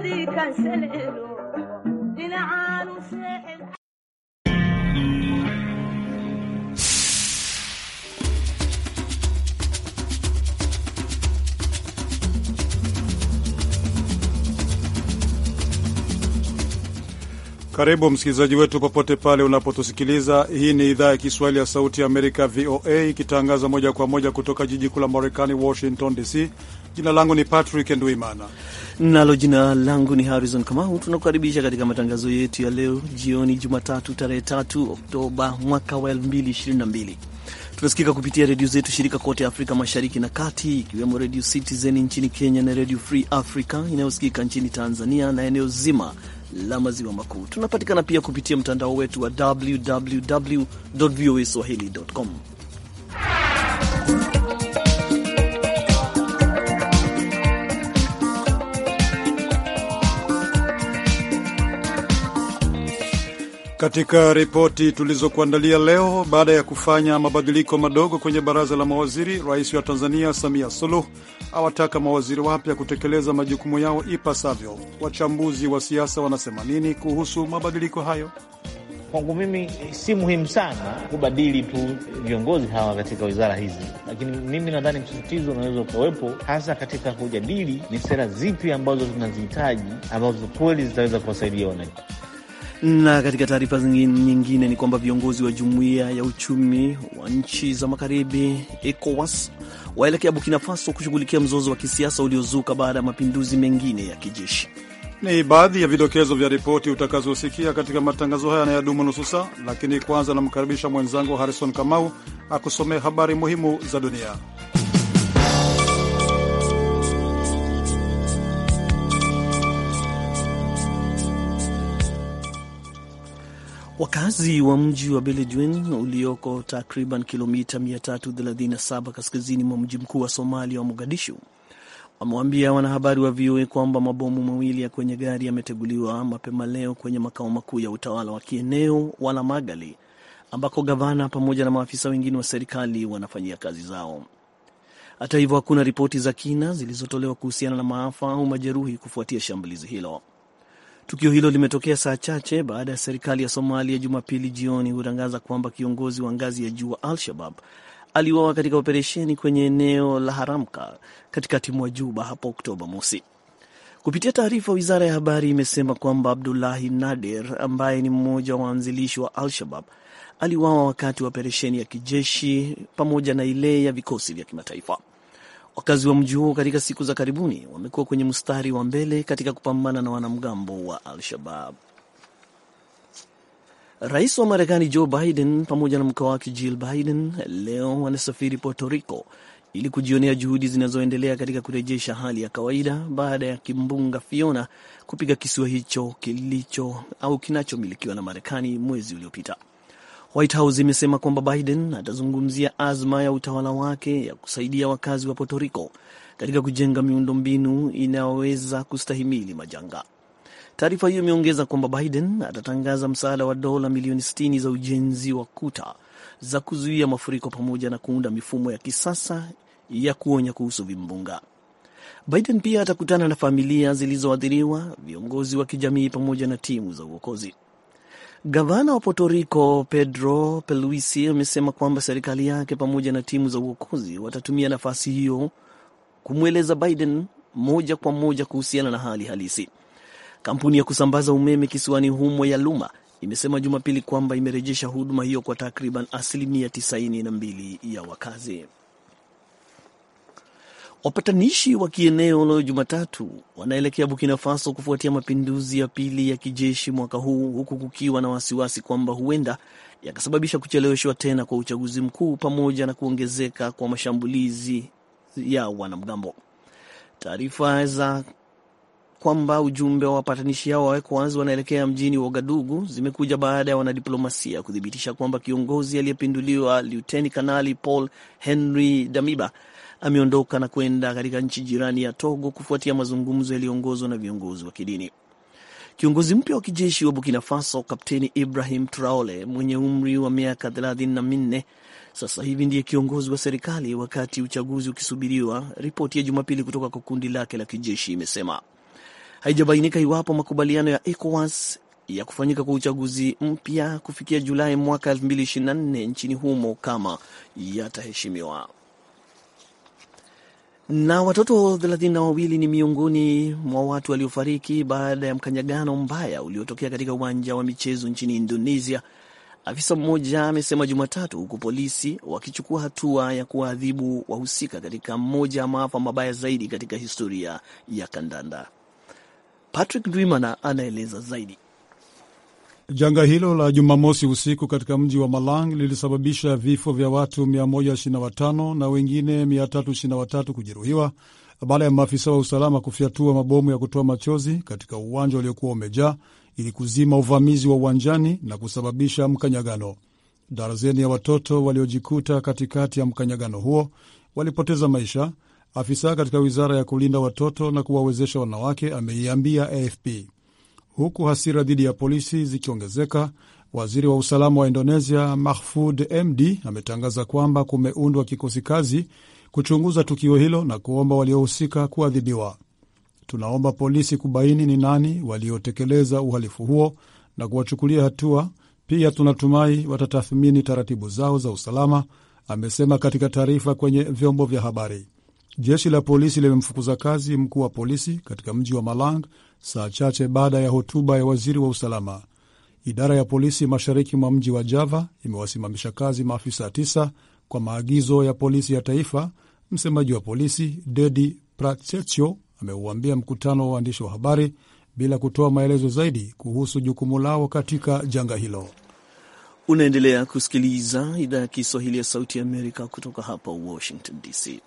Karibu msikilizaji wetu popote pale unapotusikiliza. Hii ni idhaa ya Kiswahili ya Sauti ya Amerika, VOA, ikitangaza moja kwa moja kutoka jiji kuu la Marekani, Washington DC. Jina langu ni Patrick Ndwimana nalo jina langu ni Harrison Kamau. Tunakukaribisha katika matangazo yetu ya leo jioni, Jumatatu tarehe 3 Oktoba mwaka wa 2022. Tunasikika kupitia redio zetu shirika kote Afrika Mashariki na Kati, ikiwemo Redio Citizen nchini Kenya na Redio Free Africa inayosikika nchini Tanzania na eneo zima la maziwa makuu. Tunapatikana pia kupitia mtandao wetu wa www voa swahili.com Katika ripoti tulizokuandalia leo, baada ya kufanya mabadiliko madogo kwenye baraza la mawaziri, rais wa Tanzania Samia Suluh awataka mawaziri wapya kutekeleza majukumu yao ipasavyo. Wachambuzi wa siasa wanasema nini kuhusu mabadiliko hayo? Kwangu mimi eh, si muhimu sana kubadili tu viongozi hawa katika wizara hizi, lakini mimi nadhani msisitizo unaweza ukawepo hasa katika kujadili ni sera zipi ambazo tunazihitaji ambazo kweli zitaweza kuwasaidia wananchi. Na katika taarifa nyingine ni kwamba viongozi wa jumuiya ya uchumi wa nchi za magharibi ECOWAS waelekea Burkina Faso kushughulikia mzozo wa kisiasa uliozuka baada ya mapinduzi mengine ya kijeshi. Ni baadhi ya vidokezo vya ripoti utakazosikia katika matangazo haya yanayodumu nusu saa, lakini kwanza namkaribisha mwenzangu Harrison Kamau akusomee habari muhimu za dunia. Wakazi wa mji wa Beledweyne ulioko takriban kilomita 337 kaskazini mwa mji mkuu wa Somalia wa Mogadishu wamewaambia wanahabari wa VOA kwamba mabomu mawili ya kwenye gari yameteguliwa mapema leo kwenye makao makuu ya utawala wa kieneo wala Magali, ambako gavana pamoja na maafisa wengine wa serikali wanafanyia kazi zao. Hata hivyo, hakuna ripoti za kina zilizotolewa kuhusiana na maafa au majeruhi kufuatia shambulizi hilo. Tukio hilo limetokea saa chache baada ya serikali ya Somalia Jumapili jioni kutangaza kwamba kiongozi wa ngazi ya juu wa Al-Shabab aliuawa katika operesheni kwenye eneo la Haramka katikati mwa Juba hapo Oktoba mosi. Kupitia taarifa, wizara ya habari imesema kwamba Abdulahi Nader ambaye ni mmoja wa waanzilishi wa Al-Shabab aliuawa wakati wa operesheni ya kijeshi pamoja na ile ya vikosi vya kimataifa. Wakazi wa mji huo katika siku za karibuni wamekuwa kwenye mstari wa mbele katika kupambana na wanamgambo wa Al-Shabab. Rais wa Marekani Joe Biden pamoja na mke wake Jill Biden leo wanasafiri Puerto Rico ili kujionea juhudi zinazoendelea katika kurejesha hali ya kawaida baada ya kimbunga Fiona kupiga kisiwa hicho kilicho au kinachomilikiwa na Marekani mwezi uliopita. White House imesema kwamba Biden atazungumzia azma ya utawala wake ya kusaidia wakazi wa Puerto Rico katika kujenga miundombinu inayoweza kustahimili majanga. Taarifa hiyo imeongeza kwamba Biden atatangaza msaada wa dola milioni 60 za ujenzi wa kuta za kuzuia mafuriko pamoja na kuunda mifumo ya kisasa ya kuonya kuhusu vimbunga. Biden pia atakutana na familia zilizoathiriwa, viongozi wa kijamii pamoja na timu za uokozi. Gavana wa Puerto Rico Pedro Peluisi amesema kwamba serikali yake pamoja na timu za uokozi watatumia nafasi hiyo kumweleza Biden moja kwa moja kuhusiana na hali halisi. Kampuni ya kusambaza umeme kisiwani humo ya Luma imesema Jumapili kwamba imerejesha huduma hiyo kwa takriban asilimia mbili ya wakazi. Wapatanishi wa kieneo leo Jumatatu wanaelekea Burkina Faso kufuatia mapinduzi ya pili ya kijeshi mwaka huu, huku kukiwa na wasiwasi kwamba huenda yakasababisha kucheleweshwa tena kwa uchaguzi mkuu pamoja na kuongezeka kwa mashambulizi ya wanamgambo. Taarifa za kwamba ujumbe wa wapatanishi hao wa wanaelekea mjini Wagadugu zimekuja baada ya wanadiplomasia kudhibitisha kwamba kiongozi aliyepinduliwa Luteni Kanali Paul Henry Damiba ameondoka na kwenda katika nchi jirani ya Togo kufuatia mazungumzo yaliyoongozwa na viongozi wa kidini. Kiongozi mpya wa kijeshi wa Burkina Faso, Kapteni Ibrahim Traore mwenye umri wa miaka thelathini na minne sasa hivi ndiye kiongozi wa serikali, wakati uchaguzi ukisubiriwa, ripoti ya Jumapili kutoka kwa kundi lake la kijeshi imesema. Haijabainika iwapo makubaliano ya ECOWAS ya kufanyika kwa uchaguzi mpya kufikia Julai mwaka 2024 nchini humo kama yataheshimiwa. Na watoto thelathini na wawili ni miongoni mwa watu waliofariki baada ya mkanyagano mbaya uliotokea katika uwanja wa michezo nchini Indonesia, afisa mmoja amesema Jumatatu, huku polisi wakichukua hatua ya kuwaadhibu wahusika katika mmoja ya maafa mabaya zaidi katika historia ya kandanda. Patrick Dwimana anaeleza zaidi. Janga hilo la Jumamosi usiku katika mji wa Malang lilisababisha vifo vya watu 125 na wengine 323 kujeruhiwa baada ya maafisa wa usalama kufyatua mabomu ya kutoa machozi katika uwanja uliokuwa umejaa ili kuzima uvamizi wa uwanjani na kusababisha mkanyagano. Darzeni ya watoto waliojikuta katikati ya mkanyagano huo walipoteza maisha, afisa katika wizara ya kulinda watoto na kuwawezesha wanawake ameiambia AFP huku hasira dhidi ya polisi zikiongezeka. Waziri wa usalama wa Indonesia Mahfud MD ametangaza kwamba kumeundwa kikosi kazi kuchunguza tukio hilo na kuomba waliohusika kuadhibiwa. Tunaomba polisi kubaini ni nani waliotekeleza uhalifu huo na kuwachukulia hatua. Pia tunatumai watatathmini taratibu zao za usalama, amesema katika taarifa kwenye vyombo vya habari. Jeshi la polisi limemfukuza kazi mkuu wa polisi katika mji wa Malang saa chache baada ya hotuba ya waziri wa usalama. Idara ya polisi mashariki mwa mji wa Java imewasimamisha kazi maafisa tisa kwa maagizo ya polisi ya taifa. Msemaji wa polisi Dedi Pratsetio ameuambia mkutano wa waandishi wa habari bila kutoa maelezo zaidi kuhusu jukumu lao katika janga hilo. Unaendelea kusikiliza idhaa ya Kiswahili ya Sauti ya Amerika kutoka hapa Washington DC.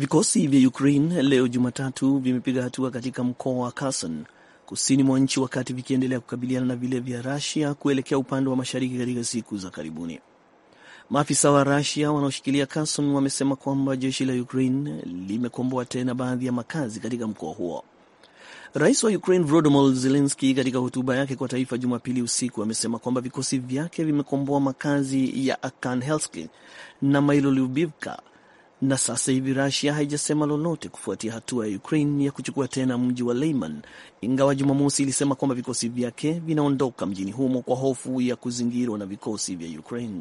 Vikosi vya Ukraine leo Jumatatu vimepiga hatua katika mkoa wa Kherson kusini mwa nchi, wakati vikiendelea kukabiliana na vile vya Russia kuelekea upande wa mashariki katika siku za karibuni. Maafisa wa Russia wanaoshikilia Kherson wamesema kwamba jeshi la Ukraine limekomboa tena baadhi ya makazi katika mkoa huo. Rais wa Ukraine Volodymyr Zelensky katika hotuba yake kwa taifa Jumapili usiku amesema kwamba vikosi vyake vimekomboa makazi ya Arkhangelsk na Mailolubivka na sasa hivi rasia haijasema lolote kufuatia hatua ya Ukraine ya kuchukua tena mji wa leyman ingawa Jumamosi ilisema kwamba vikosi vyake vinaondoka mjini humo kwa hofu ya kuzingirwa na vikosi vya Ukraine.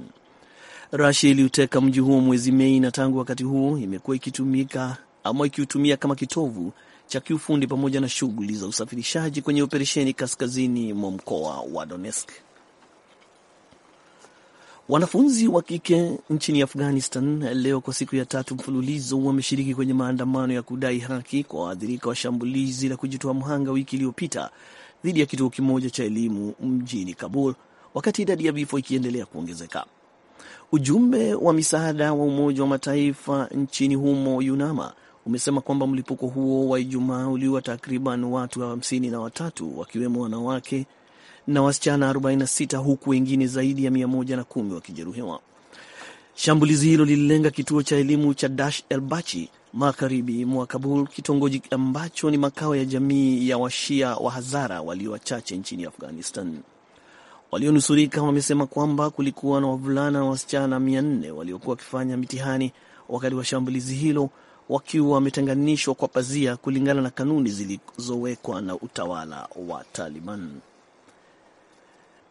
rasia iliuteka mji huo mwezi Mei na tangu wakati huo imekuwa ikitumika ama ikiutumia kama kitovu cha kiufundi pamoja na shughuli za usafirishaji kwenye operesheni kaskazini mwa mkoa wa Donetsk. Wanafunzi wa kike nchini Afghanistan leo kwa siku ya tatu mfululizo wameshiriki kwenye maandamano ya kudai haki kwa waathirika wa shambulizi la kujitoa mhanga wiki iliyopita dhidi ya kituo kimoja cha elimu mjini Kabul, wakati idadi ya vifo ikiendelea kuongezeka. Ujumbe wa misaada wa Umoja wa Mataifa nchini humo UNAMA umesema kwamba mlipuko huo wa Ijumaa uliua takriban watu hamsini na watatu wakiwemo wanawake na wasichana 46 huku wengine zaidi ya 110 wakijeruhiwa. Shambulizi hilo lililenga kituo cha elimu cha Dash El Bachi magharibi mwa Kabul, kitongoji ambacho ni makao ya jamii ya Washia wa Hazara walio wachache nchini Afghanistan. Walionusurika wamesema kwamba kulikuwa na wavulana na wasichana 400 waliokuwa wakifanya mitihani wakati wa shambulizi hilo, wakiwa wametenganishwa kwa pazia, kulingana na kanuni zilizowekwa na utawala wa Taliban.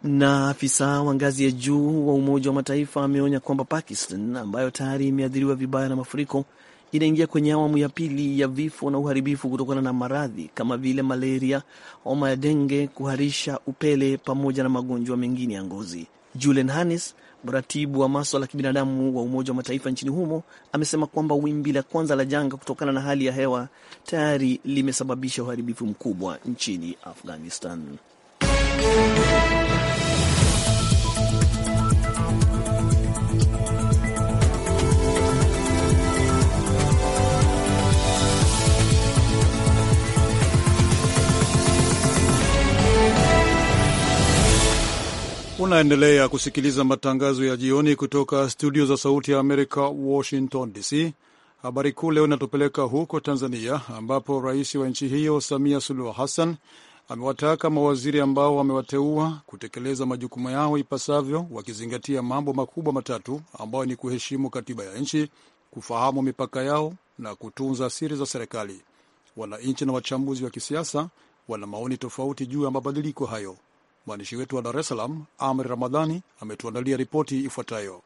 Na afisa wa ngazi ya juu wa Umoja wa Mataifa ameonya kwamba Pakistan ambayo tayari imeathiriwa vibaya na mafuriko inaingia kwenye awamu ya pili ya vifo na uharibifu kutokana na maradhi kama vile malaria, homa ya denge, kuharisha, upele pamoja na magonjwa mengine ya ngozi. Julian Hannis, mratibu wa maswala ya kibinadamu wa Umoja wa Mataifa nchini humo, amesema kwamba wimbi la kwanza la janga kutokana na hali ya hewa tayari limesababisha uharibifu mkubwa nchini Afghanistan. Unaendelea kusikiliza matangazo ya jioni kutoka studio za Sauti ya Amerika, Washington DC. Habari kuu leo inatupeleka huko Tanzania, ambapo rais wa nchi hiyo Samia Suluhu Hassan amewataka mawaziri ambao wamewateua kutekeleza majukumu yao ipasavyo, wakizingatia mambo makubwa matatu ambayo ni kuheshimu katiba ya nchi, kufahamu mipaka yao na kutunza siri za serikali. Wananchi na wachambuzi wa kisiasa wana maoni tofauti juu ya mabadiliko hayo. Mwandishi wetu wa Dar es Salaam, Amri Ramadhani, ametuandalia ripoti ifuatayo.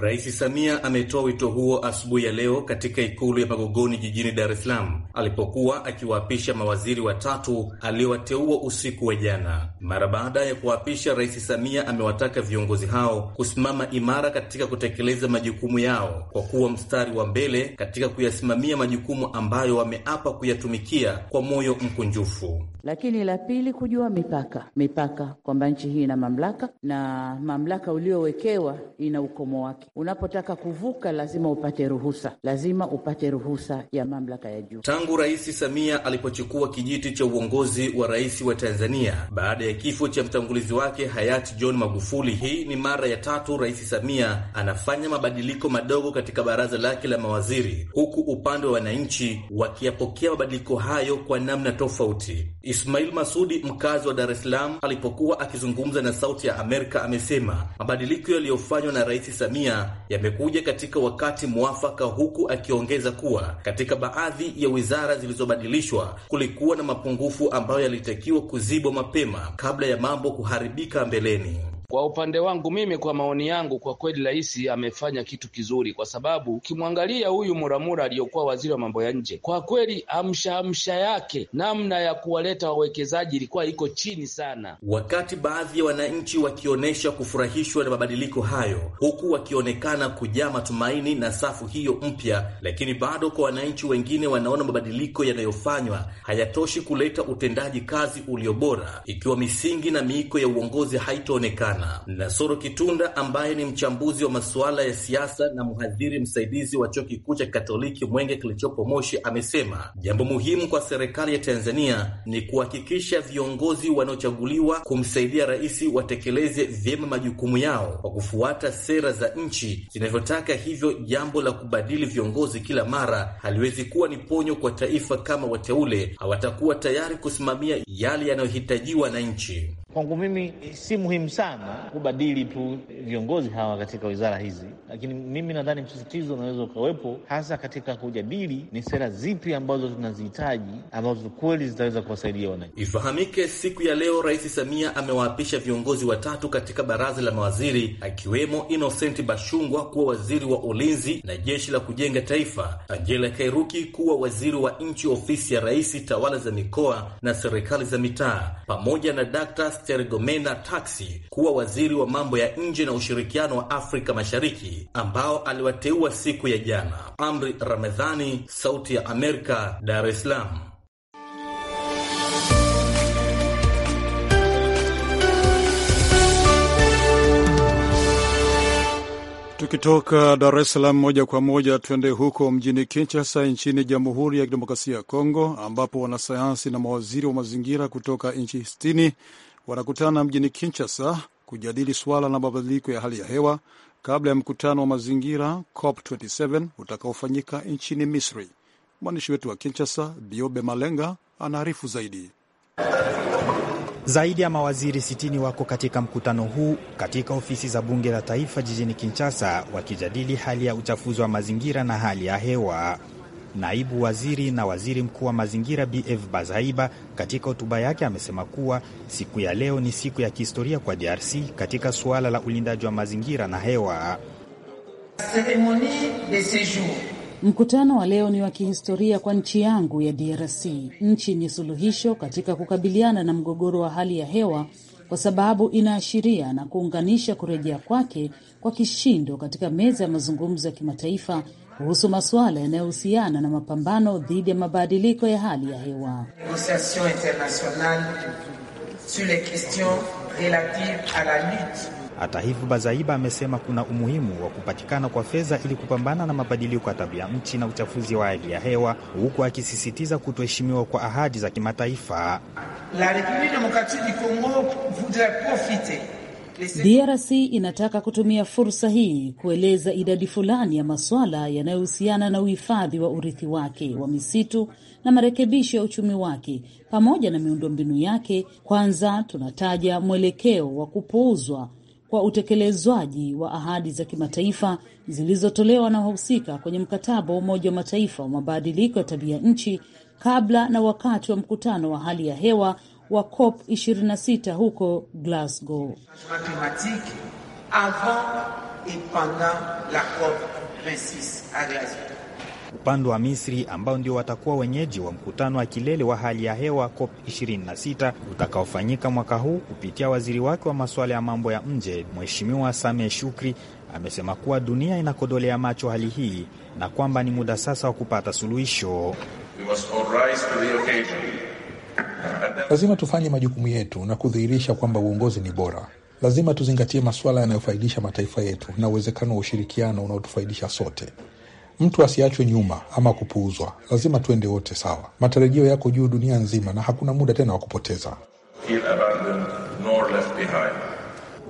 Rais Samia ametoa wito huo asubuhi ya leo katika ikulu ya Magogoni jijini Dar es Salaam alipokuwa akiwaapisha mawaziri watatu aliowateua usiku wa jana. Mara baada ya kuwaapisha, Rais Samia amewataka viongozi hao kusimama imara katika kutekeleza majukumu yao kwa kuwa mstari wa mbele katika kuyasimamia majukumu ambayo wameapa kuyatumikia kwa moyo mkunjufu. Lakini la pili, kujua mipaka, mipaka kwamba nchi hii ina mamlaka na mamlaka uliowekewa ina ukomo wake Unapotaka kuvuka lazima upate ruhusa, lazima upate ruhusa ya mamlaka ya juu. Tangu Rais Samia alipochukua kijiti cha uongozi wa rais wa Tanzania baada ya kifo cha mtangulizi wake hayati John Magufuli, hii ni mara ya tatu Rais Samia anafanya mabadiliko madogo katika baraza lake la mawaziri, huku upande wa wananchi wakiyapokea mabadiliko hayo kwa namna tofauti. Ismail Masudi, mkazi wa Dar es Salaam, alipokuwa akizungumza na Sauti ya Amerika, amesema mabadiliko yaliyofanywa na Rais Samia dunia yamekuja katika wakati mwafaka, huku akiongeza kuwa katika baadhi ya wizara zilizobadilishwa kulikuwa na mapungufu ambayo yalitakiwa kuzibwa mapema kabla ya mambo kuharibika mbeleni. Kwa upande wangu mimi, kwa maoni yangu, kwa kweli rais amefanya kitu kizuri, kwa sababu ukimwangalia huyu Muramura aliyokuwa waziri wa mambo ya nje, kwa kweli amshaamsha yake namna ya kuwaleta wawekezaji ilikuwa iko chini sana. Wakati baadhi ya wananchi wakionyesha kufurahishwa na mabadiliko hayo, huku wakionekana kujaa matumaini na safu hiyo mpya, lakini bado kwa wananchi wengine wanaona mabadiliko yanayofanywa hayatoshi kuleta utendaji kazi ulio bora, ikiwa misingi na miiko ya uongozi haitaonekana sana. Nasoro Kitunda ambaye ni mchambuzi wa masuala ya siasa na mhadhiri msaidizi wa chuo kikuu cha Katoliki Mwenge kilichopo Moshi amesema jambo muhimu kwa serikali ya Tanzania ni kuhakikisha viongozi wanaochaguliwa kumsaidia rais watekeleze vyema majukumu yao kwa kufuata sera za nchi zinavyotaka. Hivyo jambo la kubadili viongozi kila mara haliwezi kuwa ni ponyo kwa taifa, kama wateule hawatakuwa tayari kusimamia yale yanayohitajiwa na nchi. Kwangu mimi eh, si muhimu sana kubadili tu viongozi hawa katika wizara hizi, lakini mimi nadhani msisitizo unaweza ukawepo hasa katika kujadili ni sera zipi ambazo tunazihitaji ambazo kweli zitaweza kuwasaidia wananchi. Ifahamike, siku ya leo Rais Samia amewaapisha viongozi watatu katika baraza la mawaziri akiwemo Innocent Bashungwa kuwa waziri wa ulinzi na jeshi la kujenga taifa, Angela Kairuki kuwa waziri wa nchi ofisi ya rais, tawala za mikoa na serikali za mitaa, pamoja na Dr. Ester Gomena Taxi kuwa waziri wa mambo ya nje na ushirikiano wa Afrika Mashariki ambao aliwateua siku ya jana. Amri Ramadhani, Sauti ya Amerika, Dar es Salaam. Tukitoka Dar es Salaam moja kwa moja tuende huko mjini Kinshasa nchini Jamhuri ya Kidemokrasia ya Kongo, ambapo wanasayansi na mawaziri wa mazingira kutoka nchi sitini wanakutana mjini Kinshasa kujadili suala la mabadiliko ya hali ya hewa kabla ya mkutano wa mazingira COP27 utakaofanyika nchini Misri. Mwandishi wetu wa Kinshasa, Biobe Malenga, anaarifu zaidi. Zaidi ya mawaziri 60 wako katika mkutano huu katika ofisi za bunge la taifa jijini Kinshasa, wakijadili hali ya uchafuzi wa mazingira na hali ya hewa. Naibu waziri na waziri mkuu wa mazingira BF Bazaiba katika hotuba yake amesema kuwa siku ya leo ni siku ya kihistoria kwa DRC katika suala la ulindaji wa mazingira na hewa. Mkutano wa leo ni wa kihistoria kwa nchi yangu ya DRC. Nchi ni suluhisho katika kukabiliana na mgogoro wa hali ya hewa kwa sababu inaashiria na kuunganisha kurejea kwake kwa kishindo katika meza ya mazungumzo ya kimataifa kuhusu masuala yanayohusiana na mapambano dhidi ya mabadiliko ya hali ya hewa. Hata hivyo, Bazaiba amesema kuna umuhimu wa kupatikana kwa fedha ili kupambana na mabadiliko ya tabia nchi na uchafuzi wa hali ya hewa, huku akisisitiza kutoheshimiwa kwa ahadi za kimataifa. La du Congo voudrait profiter DRC inataka kutumia fursa hii kueleza idadi fulani ya masuala yanayohusiana na uhifadhi wa urithi wake wa misitu na marekebisho ya uchumi wake pamoja na miundombinu yake. Kwanza tunataja mwelekeo wa kupuuzwa kwa utekelezwaji wa ahadi za kimataifa zilizotolewa na wahusika kwenye mkataba wa Umoja wa Mataifa wa mabadiliko ya tabia nchi kabla na wakati wa mkutano wa hali ya hewa wa COP 26 huko Glasgow. Upande wa Misri ambao ndio watakuwa wenyeji wa mkutano wa kilele wa hali ya hewa COP 26 utakaofanyika mwaka huu, kupitia waziri wake wa masuala ya mambo ya nje Mheshimiwa Sameh Shukri amesema kuwa dunia inakodolea macho hali hii na kwamba ni muda sasa wa kupata suluhisho. We must all rise to the occasion. Lazima tufanye majukumu yetu na kudhihirisha kwamba uongozi ni bora. Lazima tuzingatie masuala yanayofaidisha mataifa yetu na uwezekano wa ushirikiano unaotufaidisha sote. Mtu asiachwe nyuma ama kupuuzwa. Lazima tuende wote sawa. Matarajio yako juu dunia nzima, na hakuna muda tena wa kupoteza.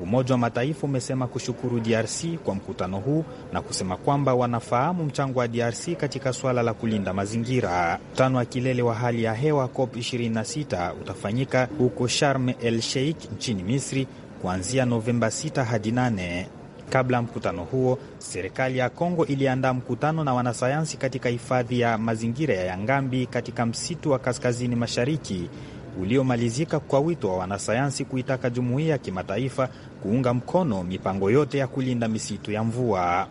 Umoja wa Mataifa umesema kushukuru DRC kwa mkutano huu na kusema kwamba wanafahamu mchango wa DRC katika suala la kulinda mazingira. Mkutano wa kilele wa hali ya hewa COP 26 utafanyika huko Sharm el Sheikh nchini Misri kuanzia Novemba 6 hadi 8. Kabla ya mkutano huo, serikali ya Kongo iliandaa mkutano na wanasayansi katika hifadhi ya mazingira ya Yangambi katika msitu wa kaskazini mashariki uliomalizika kwa wito wa wanasayansi kuitaka jumuiya ya kimataifa kuunga mkono mipango yote ya kulinda misitu ya mvua.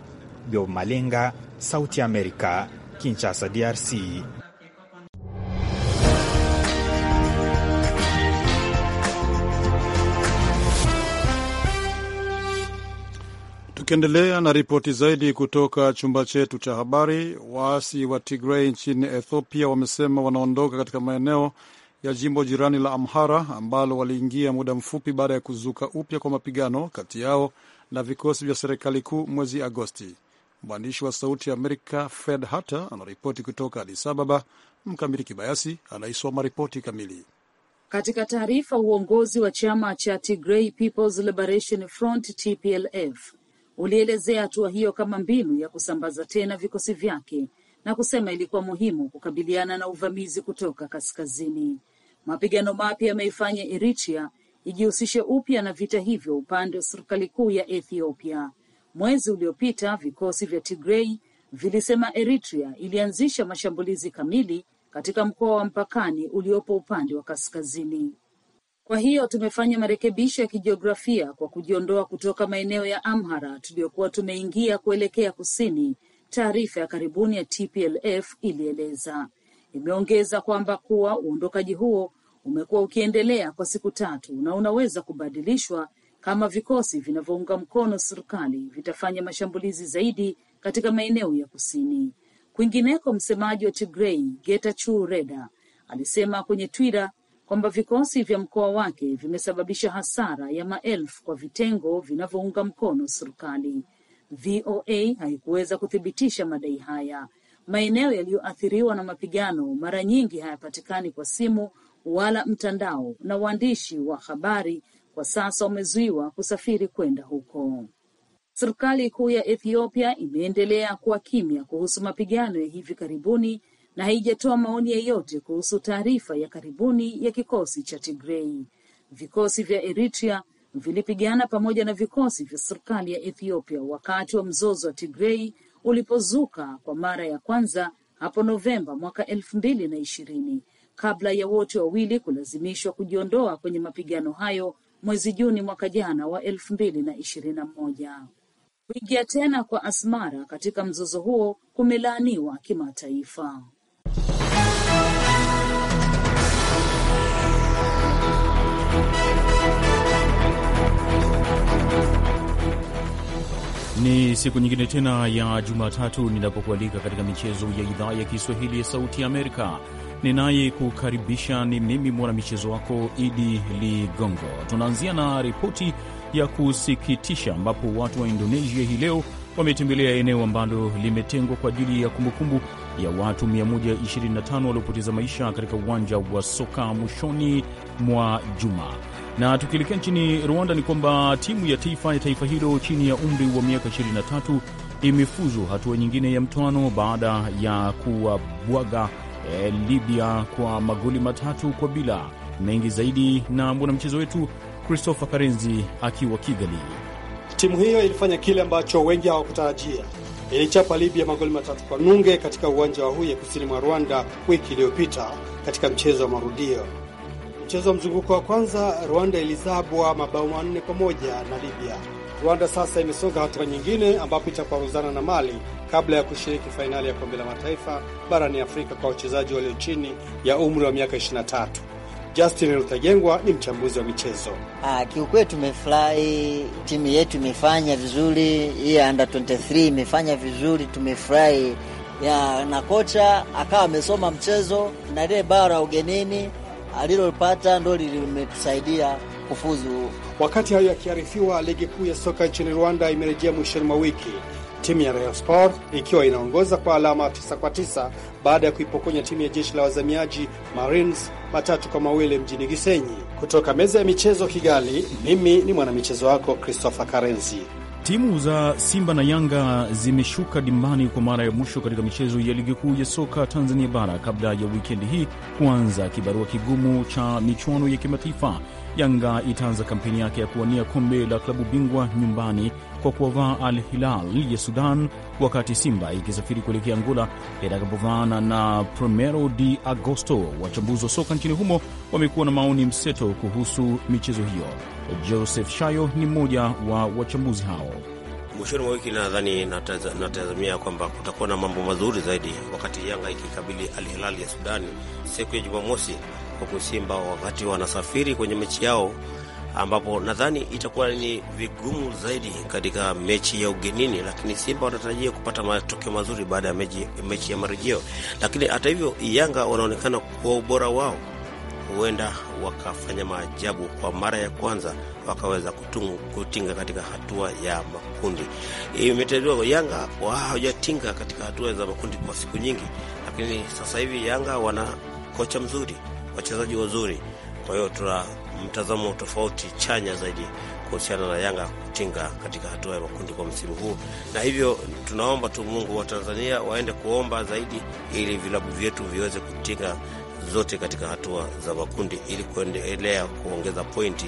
Bob Malenga, Sauti ya Amerika, Kinshasa, DRC. Tukiendelea na ripoti zaidi kutoka chumba chetu cha habari, waasi wa Tigrei nchini Ethiopia wamesema wanaondoka katika maeneo ya jimbo jirani la Amhara ambalo waliingia muda mfupi baada ya kuzuka upya kwa mapigano kati yao na vikosi vya serikali kuu mwezi Agosti. Mwandishi wa Sauti ya Amerika Fred Hatter anaripoti kutoka Adis Ababa. Mkamili Kibayasi anaisoma ripoti kamili. Katika taarifa, uongozi wa chama cha Tigray People's Liberation Front TPLF ulielezea hatua hiyo kama mbinu ya kusambaza tena vikosi vyake na kusema ilikuwa muhimu kukabiliana na uvamizi kutoka kaskazini. Mapigano mapya yameifanya Eritrea ijihusishe upya na vita hivyo upande wa serikali kuu ya Ethiopia. Mwezi uliopita vikosi vya Tigrei vilisema Eritrea ilianzisha mashambulizi kamili katika mkoa wa mpakani uliopo upande wa kaskazini. Kwa hiyo tumefanya marekebisho ya kijiografia kwa kujiondoa kutoka maeneo ya Amhara tuliyokuwa tumeingia kuelekea kusini, taarifa ya karibuni ya TPLF ilieleza. Imeongeza kwamba kuwa uondokaji huo umekuwa ukiendelea kwa siku tatu na unaweza kubadilishwa kama vikosi vinavyounga mkono serikali vitafanya mashambulizi zaidi katika maeneo ya kusini. Kwingineko, msemaji wa Tigrei Getachew Reda alisema kwenye Twitter kwamba vikosi vya mkoa wake vimesababisha hasara ya maelfu kwa vitengo vinavyounga mkono serikali. VOA haikuweza kuthibitisha madai haya, Maeneo yaliyoathiriwa na mapigano mara nyingi hayapatikani kwa simu wala mtandao, na waandishi wa habari kwa sasa wamezuiwa kusafiri kwenda huko. Serikali kuu ya Ethiopia imeendelea kuwa kimya kuhusu mapigano ya hivi karibuni na haijatoa maoni yeyote kuhusu taarifa ya karibuni ya kikosi cha Tigrei. Vikosi vya Eritrea vilipigana pamoja na vikosi vya serikali ya Ethiopia wakati wa mzozo wa Tigrei ulipozuka kwa mara ya kwanza hapo Novemba mwaka elfu mbili na ishirini kabla ya wote wawili kulazimishwa kujiondoa kwenye mapigano hayo mwezi Juni mwaka jana wa elfu mbili na ishirini na moja. Kuingia tena kwa Asmara katika mzozo huo kumelaaniwa kimataifa. Ni siku nyingine tena ya Jumatatu ninapokualika katika michezo ya idhaa ya Kiswahili ya Sauti ya Amerika. Ninayekukaribisha ni mimi michezo wako Idi Ligongo. Tunaanzia na ripoti ya kusikitisha ambapo watu wa Indonesia hii leo wametembelea eneo ambalo limetengwa kwa ajili ya kumbukumbu ya watu 125 waliopoteza maisha katika uwanja wa soka mwishoni mwa juma. Na tukielekea nchini Rwanda ni kwamba timu ya taifa ya taifa hilo chini ya umri wa miaka 23 imefuzu hatua nyingine ya mtoano baada ya kuwabwaga eh, Libya kwa magoli matatu kwa bila. Mengi zaidi na mwanamchezo wetu Christopher Karenzi akiwa Kigali. Timu hiyo ilifanya kile ambacho wengi hawakutarajia. Ilichapa Libya magoli matatu kwa nunge katika uwanja wa Huye kusini mwa Rwanda wiki iliyopita katika mchezo wa marudio. Mchezo wa mzunguko wa kwanza, Rwanda ilizabwa mabao manne kwa moja na Libya. Rwanda sasa imesonga hatua nyingine, ambapo itakwaruzana na Mali kabla ya kushiriki fainali ya kombe la mataifa barani Afrika kwa wachezaji walio chini ya umri wa miaka 23. Justin Rutajengwa ni mchambuzi wa michezo. Ah, kiukweli tumefurahi, timu yetu imefanya vizuri, hii under 23 imefanya vizuri, tumefurahi ya na kocha akawa amesoma mchezo na ile bara ugenini alilopata ndo limetusaidia kufuzu. Wakati hayo yakiarifiwa, ligi kuu ya soka nchini Rwanda imerejea mwishoni mwa wiki timu ya Rayon Sport ikiwa inaongoza kwa alama 9 kwa 9 baada ya kuipokonya timu ya jeshi la wazamiaji Marines matatu kwa mawili mjini Gisenyi. Kutoka meza ya michezo Kigali, mimi ni mwanamichezo wako Christopher Karenzi. Timu za Simba na Yanga zimeshuka dimbani kwa mara ya mwisho katika michezo ya ligi kuu ya soka Tanzania bara kabla ya wikendi hii kuanza kibarua kigumu cha michuano ya kimataifa. Yanga itaanza kampeni yake ya kuwania kombe la klabu bingwa nyumbani kwa kuwavaa Al Hilal ya Sudan, wakati Simba ikisafiri kuelekea Angola itakapovaana na primero de Agosto. Wachambuzi wa soka nchini humo wamekuwa na maoni mseto kuhusu michezo hiyo. Joseph Shayo ni mmoja wa wachambuzi hao. Mwishoni mwa wiki nadhani natazamia kwamba kutakuwa na mambo mazuri zaidi, wakati Yanga ikikabili Al Hilal ya Sudani siku ya Jumamosi, huku Simba wakati wanasafiri kwenye mechi yao ambapo nadhani itakuwa ni vigumu zaidi katika mechi ya ugenini, lakini Simba wanatarajia kupata matokeo mazuri baada ya mechi, mechi ya marejeo. Lakini hata hivyo, Yanga wanaonekana kwa ubora wao huenda wakafanya maajabu kwa mara ya kwanza, wakaweza kutungu, kutinga katika hatua ya makundi. Imeteuliwa Yanga hawajatinga katika hatua za makundi kwa siku nyingi, lakini sasa hivi Yanga wana kocha mzuri, wachezaji wazuri, kwa hiyo tuna mtazamo tofauti chanya zaidi kuhusiana na Yanga kutinga katika hatua ya makundi kwa msimu huu, na hivyo tunaomba tu Mungu wa Tanzania waende kuomba zaidi ili vilabu vyetu viweze kutinga zote katika hatua za makundi ili kuendelea kuongeza pointi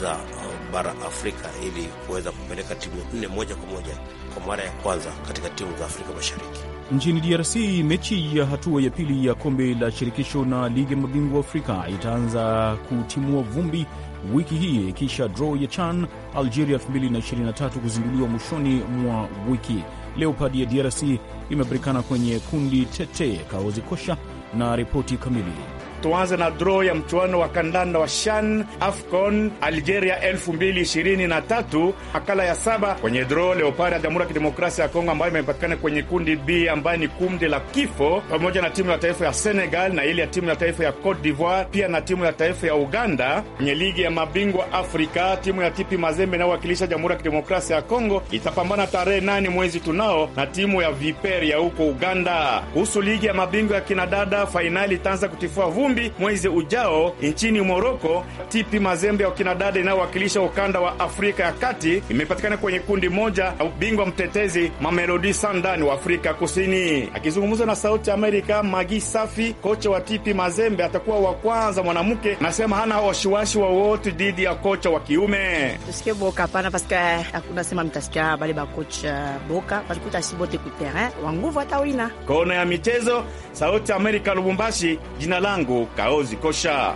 za uh, bara Afrika ili kuweza kupeleka timu nne moja kwa moja kwa mara ya kwanza katika timu za Afrika Mashariki. Nchini DRC, mechi ya hatua ya pili ya kombe la shirikisho na ligi ya mabingwa Afrika itaanza kutimua vumbi wiki hii kisha draw ya CHAN Algeria 2023 kuzinduliwa mwishoni mwa wiki. Leopard ya DRC imepatikana kwenye kundi tete. Kaozi Kosha na ripoti kamili tuanze na draw ya mchuano wa kandanda wa Shan Afcon Algeria 2023 makala ya saba kwenye draw. Leopard ya Jamhuri ya Kidemokrasia ya Kongo ambayo imepatikana kwenye kundi B ambayo ni kundi la kifo pamoja na timu ya taifa ya Senegal na ile ya timu ya taifa ya Cote d'Ivoire pia na timu ya taifa ya Uganda. Kwenye ligi ya mabingwa Afrika, timu ya Tipi Mazembe inayowakilisha Jamhuri ya Kidemokrasia ya Kongo itapambana tarehe nane mwezi tunao na timu ya viperia ya huko Uganda. Kuhusu ligi ya mabingwa ya kinadada, fainali itaanza kutifua vumbi vumbi mwezi ujao nchini Moroko. TP Mazembe ya wakinadada inayowakilisha ukanda wa Afrika ya kati imepatikana kwenye kundi moja na ubingwa mtetezi Mamelodi Sandani wa Afrika Kusini. Akizungumza na Sauti ya Amerika, Magi Safi, kocha wa TP Mazembe, atakuwa wa kwanza mwanamke, anasema hana washiwashi wowote dhidi ya kocha wa kiume. Eh, eh, Kona ya michezo, Sauti ya Amerika, Lubumbashi. Jina langu Kaozi Kosha.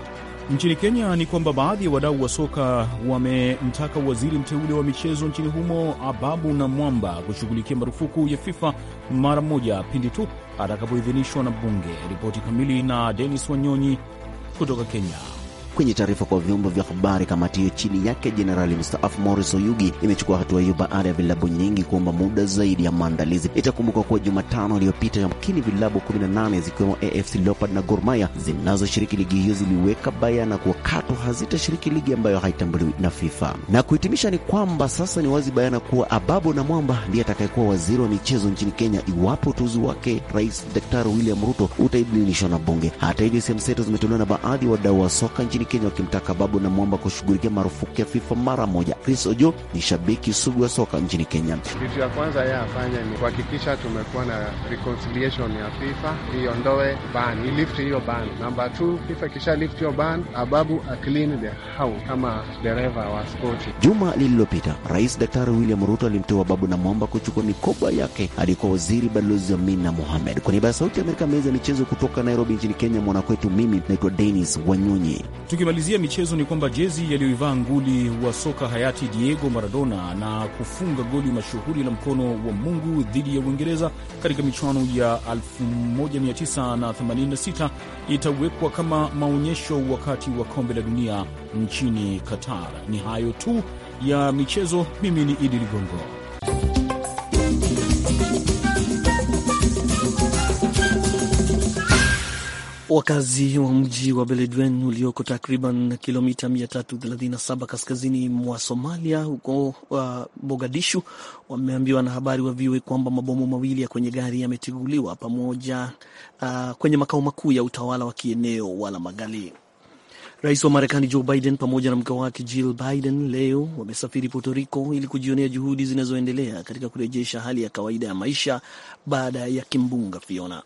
Nchini Kenya ni kwamba baadhi ya wadau wa soka wamemtaka waziri mteule wa michezo nchini humo Ababu na Mwamba kushughulikia marufuku ya FIFA mara moja pindi tu atakapoidhinishwa na bunge. Ripoti kamili na Denis Wanyonyi kutoka Kenya. Kwenye taarifa kwa vyombo vya habari, kamati hiyo chini yake jenerali mstaafu Morris Oyugi imechukua hatua hiyo baada ya vilabu nyingi kuomba muda zaidi ya maandalizi. Itakumbuka kuwa Jumatano iliyopita yamkini vilabu 18 zikiwemo AFC lopad na Gor Mahia zinazoshiriki ligi hiyo ziliweka bayana kuwa katu hazitashiriki ligi ambayo haitambuliwi na FIFA. Na kuhitimisha ni kwamba sasa ni wazi bayana kuwa Ababu na Mwamba ndiye atakayekuwa waziri wa michezo nchini Kenya iwapo uteuzi wake Rais Daktari William Ruto utaidhinishwa na bunge. Hata hivyo, sehemu setu zimetolewa na baadhi ya wadau wa soka nchini nchini Kenya wakimtaka Babu na Mwamba kushughulikia marufuku ya FIFA mara moja. Chris Ojo ni shabiki sugu wa soka nchini Kenya. Kitu ya kwanza yeye afanye ni kuhakikisha tumekuwa na reconciliation ya FIFA, iondoe ban, ilift hiyo ban. Namba 2, FIFA ikisha lift hiyo ban, Ababu aclean the house kama dereva wa spoti. Juma lililopita Rais Daktari William Ruto alimteua Babu na Mwamba kuchukua mikoba yake alikuwa waziri Balozi Amina Mohamed. Kwa niaba ya Sauti ya Amerika, meza ya michezo kutoka Nairobi nchini Kenya, mwanakwetu, mimi naitwa denis Wanyonyi. Tukimalizia michezo ni kwamba jezi yaliyoivaa nguli wa soka hayati Diego Maradona na kufunga goli mashuhuri la mkono wa Mungu dhidi ya Uingereza katika michuano ya 1986 itawekwa kama maonyesho wakati wa kombe la dunia nchini Qatar. Ni hayo tu ya michezo. Mimi ni Idi Ligongo. Wakazi wa mji wa Beledweyne ulioko takriban kilomita 337 kaskazini mwa Somalia, huko uh, Mogadishu, wameambiwa na habari wa VOA kwamba mabomu mawili ya kwenye gari yameteguliwa pamoja uh, kwenye makao makuu ya utawala wa kieneo wala Magali. Rais wa Marekani Joe Biden pamoja na mke wake Jill Biden leo wamesafiri Puerto Rico ili kujionea juhudi zinazoendelea katika kurejesha hali ya kawaida ya maisha baada ya kimbunga Fiona.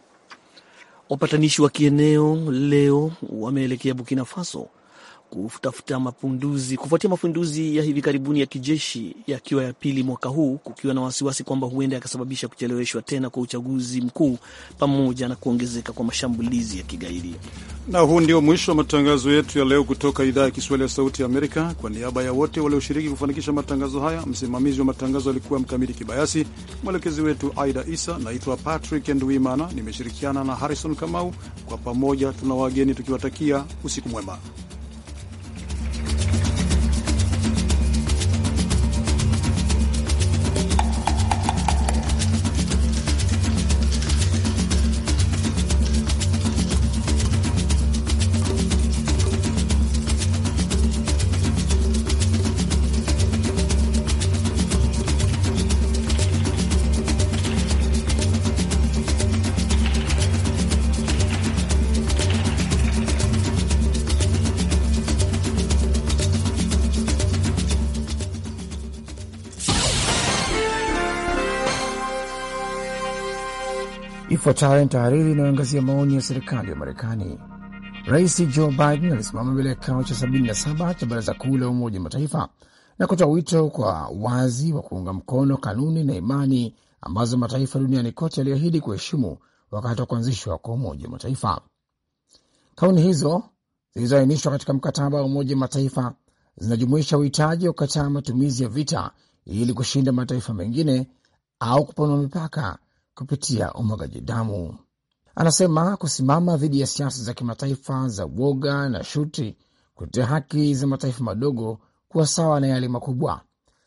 Wapatanishi wa kieneo leo wameelekea Burkina Faso kutafuta mapunduzi kufuatia mapunduzi ya hivi karibuni ya kijeshi yakiwa ya pili mwaka huu, kukiwa na wasiwasi kwamba huenda yakasababisha kucheleweshwa tena kwa uchaguzi mkuu pamoja na kuongezeka kwa mashambulizi ya kigaidi. Na huu ndio mwisho wa matangazo yetu ya leo kutoka idhaa ya Kiswahili ya Sauti ya Amerika. Kwa niaba ya wote walioshiriki kufanikisha matangazo haya, msimamizi wa matangazo alikuwa Mkamiti Kibayasi, mwelekezi wetu Aida Isa. Naitwa Patrick Nduimana, nimeshirikiana na Harrison Kamau. Kwa pamoja tuna wageni tukiwatakia usiku mwema. Ifuatayo ni tahariri inayoangazia maoni ya serikali ya Marekani. Rais Joe Biden alisimama mbele ya kikao cha 77 cha Baraza Kuu la Umoja Mataifa na kutoa wito kwa wazi wa kuunga mkono kanuni na imani ambazo mataifa duniani kote yaliahidi kuheshimu wakati wa kuanzishwa kwa Umoja wa Mataifa. Kauni hizo zilizoainishwa katika mkataba wa Umoja wa Mataifa zinajumuisha uhitaji wa kukataa matumizi ya vita ili kushinda mataifa mengine au kupanua mipaka kupitia umwagaji damu. Anasema kusimama dhidi ya siasa za kimataifa za woga na shuti, kutetea haki za mataifa madogo kuwa sawa na yale makubwa,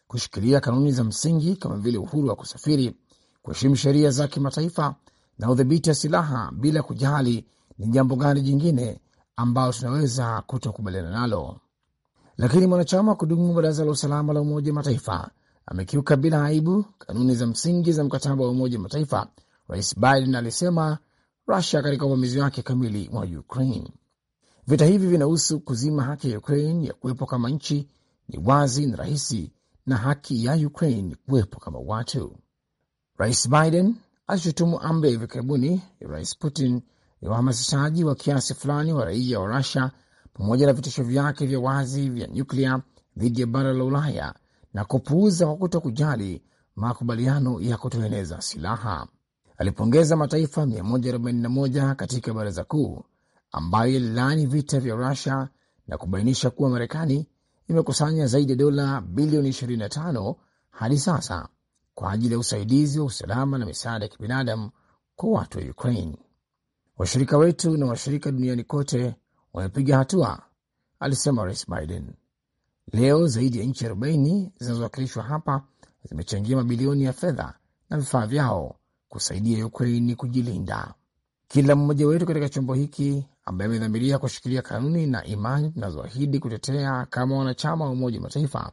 kushikilia kanuni za msingi kama vile uhuru wa kusafiri, kuheshimu sheria za kimataifa na udhibiti wa silaha bila kujali ni jambo gani jingine ambayo tunaweza kutokubaliana nalo. Lakini mwanachama wa kudumu baraza la usalama la Umoja Mataifa amekiuka bila aibu kanuni za msingi za mkataba wa Umoja Mataifa, Rais Biden alisema Rusia katika uvamizi wake kamili mwa Ukraine. Vita hivi vinahusu kuzima haki ya Ukraine ya kuwepo kama nchi, ni wazi na rahisi, na haki ya Ukraine kuwepo kama watu. Rais Biden alishutumu amri ya hivi karibuni ya Rais Putin ya uhamasishaji wa kiasi fulani wa raia wa Rusia pamoja na vitisho vyake vya wazi vya nyuklia dhidi ya bara la Ulaya na kupuuza kwa kuto kujali makubaliano ya kutoeneza silaha. Alipongeza mataifa 141 katika baraza kuu ambayo ililaani vita vya Rusia na kubainisha kuwa Marekani imekusanya zaidi ya dola bilioni 25 hadi sasa kwa ajili ya usaidizi wa usalama na misaada ya kibinadamu kwa watu wa Ukraine. Washirika wetu na washirika duniani kote wamepiga hatua, alisema Rais Biden. Leo zaidi ya nchi arobaini zinazowakilishwa hapa zimechangia mabilioni ya fedha na vifaa vyao kusaidia Ukraini kujilinda. Kila mmoja wetu katika chombo hiki ambaye amedhamiria kushikilia kanuni na imani tunazoahidi kutetea kama wanachama wa Umoja wa Mataifa,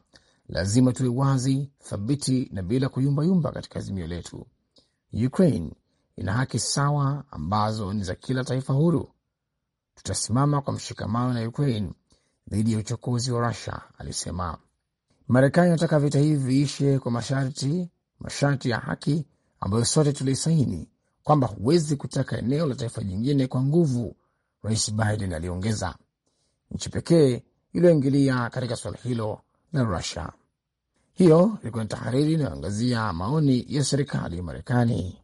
lazima tuwe wazi, thabiti na bila kuyumbayumba katika azimio letu. Ukraine ina haki sawa ambazo ni za kila taifa huru. Tutasimama kwa mshikamano na Ukraine dhidi ya uchokozi wa Rusia, alisema. Marekani inataka vita hivi viishe kwa masharti, masharti ya haki ambayo sote tulisaini, kwamba huwezi kutaka eneo la taifa jingine kwa nguvu, Rais Biden aliongeza. Nchi pekee iliyoingilia katika suala hilo la Rusia. Hiyo ilikuwa ni tahariri inayoangazia maoni ya serikali ya Marekani.